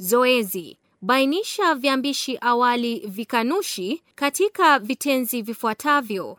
Zoezi: bainisha viambishi awali vikanushi katika vitenzi vifuatavyo.